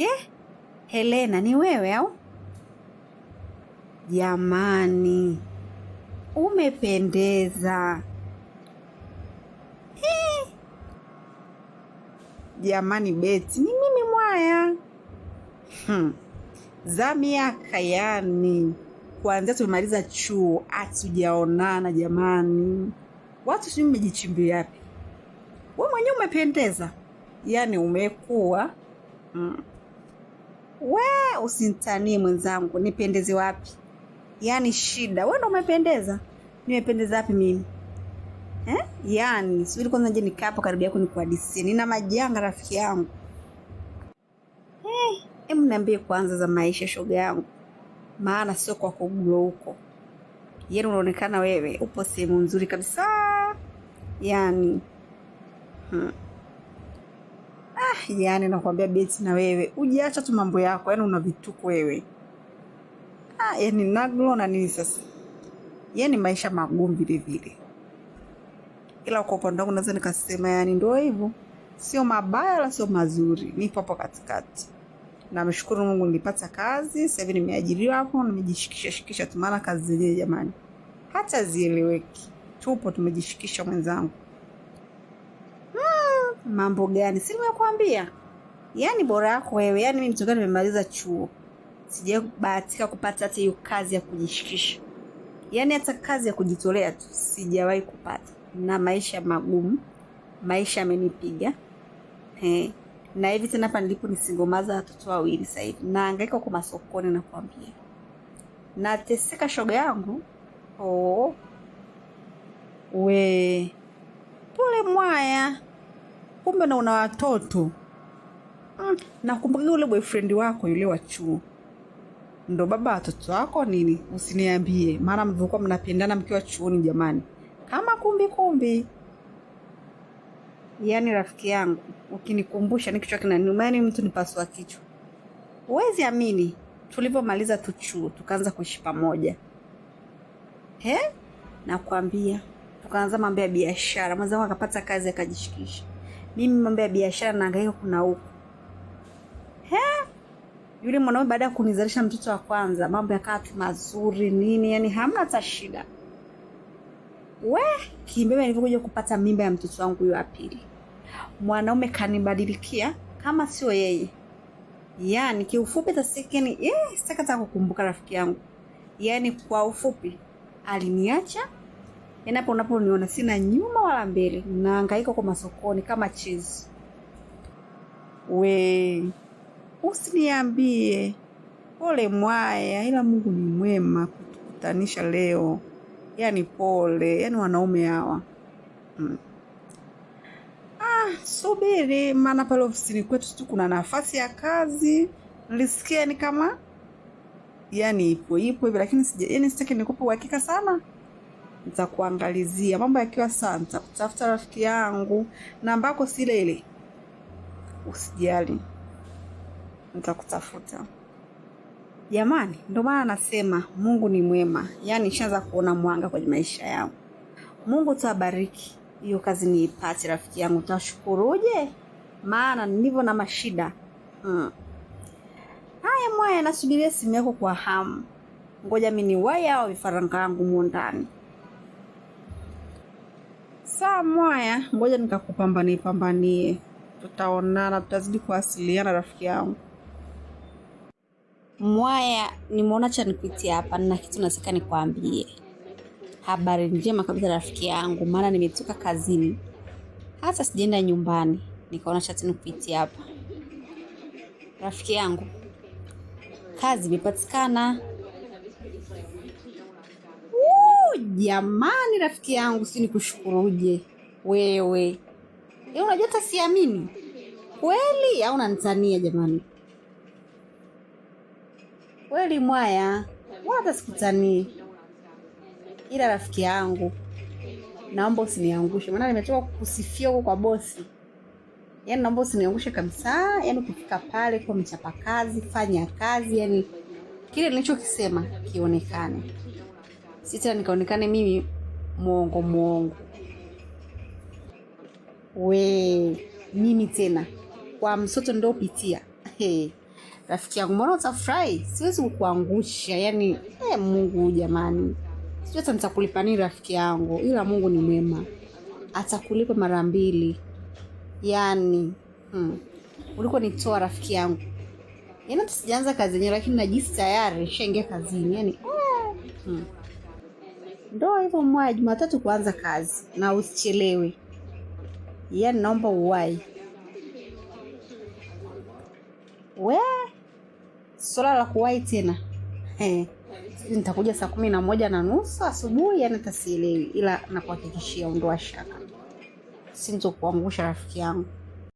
yake Helena ni wewe au? Jamani, umependeza. Hii. Jamani Beti, ni mimi mwaya. Hmm. Za miaka yani, kuanzia tumemaliza chuo hatujaonana jamani. Watu sijui mmejichimbia yapi. We mwenyewe umependeza, yaani umekuwa hmm we usinitanie mwenzangu nipendeze wapi yaani shida we ndo umependeza nimependeza wapi mimi eh? yaani subiri kwanza je nikapo karibu yako nikuhadisie nina majanga rafiki yangu eh, hebu eh, niambie kwanza za maisha shoga yangu maana sio kwa kugulo huko yani unaonekana wewe upo sehemu nzuri kabisa yani hmm yani nakwambia Beti, na wewe ujiacha tu mambo yako, yani una vituko wewe. Ah, yani naglo na nini sasa, yani maisha magumu vile vile, ila kwa upande wangu naweza nikasema yani ndio hivyo, sio mabaya la sio mazuri, nipo hapo katikati. Namshukuru Mungu nilipata kazi, sasa hivi nimeajiriwa hapo, nimejishikisha shikisha tu, maana kazi zenyewe jamani hata zieleweki, tupo tumejishikisha mwenzangu mambo gani si nimekuambia yaani bora yako wewe yaani mimi mtokani nimemaliza chuo sijabahatika kupata hata hiyo kazi ya kujishikisha yaani hata kazi ya kujitolea tu sijawahi kupata na maisha magumu maisha amenipiga na hivi tena hapa nilipo nisingomaza watoto wawili sahivi naangaika huko masokoni nakwambia nateseka shoga yangu oh. we pole mwaya kumbe na una watoto mm. nakumbukia ule boyfriend wako yule wa chuo ndo baba watoto wako nini usiniambie maana mlivyokuwa mnapendana mkiwa chuoni jamani kama kumbi kumbi yaani rafiki yangu ukinikumbusha ni kichwa kinaniuma yaani mtu nipasua kichwa huwezi amini tulivyomaliza tu chuo tukaanza kuishi pamoja he nakwambia tukaanza mambo ya biashara mwenzangu akapata kazi akajishikisha mimi mambo ya biashara naangaika kuna huku. Yule mwanaume baada ya kunizalisha mtoto wa kwanza, mambo yakawa tu mazuri nini, yani hamna hata shida. We kimbebe, nilivyokuja kupata mimba ya mtoto wangu huyo wa pili, mwanaume kanibadilikia kama sio yeye. Yani kiufupi tasikeni, eh, sitaka kukumbuka rafiki yangu. Yani kwa ufupi aliniacha Yaani unaponiona sina nyuma wala mbele, naangaika kwa masokoni kama chizi. We usiniambie, pole mwaya, ila Mungu ni mwema kutukutanisha leo. yani pole, yani wanaume hawa mm. Ah, subiri, maana pale ofisini kwetu tu kuna nafasi ya kazi nilisikia ni kama yani ipo ipo hivi, lakini sija, yaani sitaki nikupe uhakika sana za kuangalizia mambo yakiwa sana, nitakutafuta rafiki yangu na ambako si ile Usijali, nitakutafuta jamani. Ndio maana anasema Mungu ni mwema, yaani nishaanza kuona mwanga kwenye maisha yangu. Mungu tabariki hiyo kazi niipate, rafiki yangu, tashukuruje? Maana nilivyo na mashida hmm. Haya mwaya, nasubiria simu yako kwa hamu. Ngoja mimi ni waya vifaranga wangu muondani saa mwaya, ngoja nikakupambanie pambanie, tutaonana, tutazidi kuwasiliana rafiki yangu. Mwaya, nimeona cha nikuitia hapa, nina kitu nataka nikwambie. Habari njema kabisa rafiki yangu, maana nimetoka kazini, hata sijaenda nyumbani, nikaona cha nikuitia hapa. Rafiki yangu, kazi imepatikana jamani, rafiki yangu, si nikushukuruje wewe? E, unajua hata siamini kweli, au nanitania? jamani? Kweli mwaya, hata sikutanii, ila rafiki yangu, naomba usiniangushe, maana nimetoka kukusifia huko kwa bosi. Yani naomba usiniangushe kabisa, yani kufika pale kwa mchapakazi, fanya kazi, yani kile nilichokisema kionekane sita nikaonekane mimi mwongo mwongo we mimi tena kwa msoto ndiopitia rafiki yangu mbona utafurahi siwezi kukuangusha yani hey, eh, mungu jamani sijui hata nitakulipa nini rafiki yangu ila mungu ni mwema atakulipa mara mbili yani hmm. uliko nitoa rafiki yangu yani hata sijaanza kazi yenyewe lakini najisi tayari shaingia kazini yani hmm ndo hivyo mwaya Jumatatu kuanza kazi na usichelewe. Yaani naomba uwai. We, swala la kuwai tena nitakuja saa kumi na moja na nusu asubuhi, yaani tasielewi, ila nakuhakikishia undoa shaka, sintokuangusha rafiki yangu.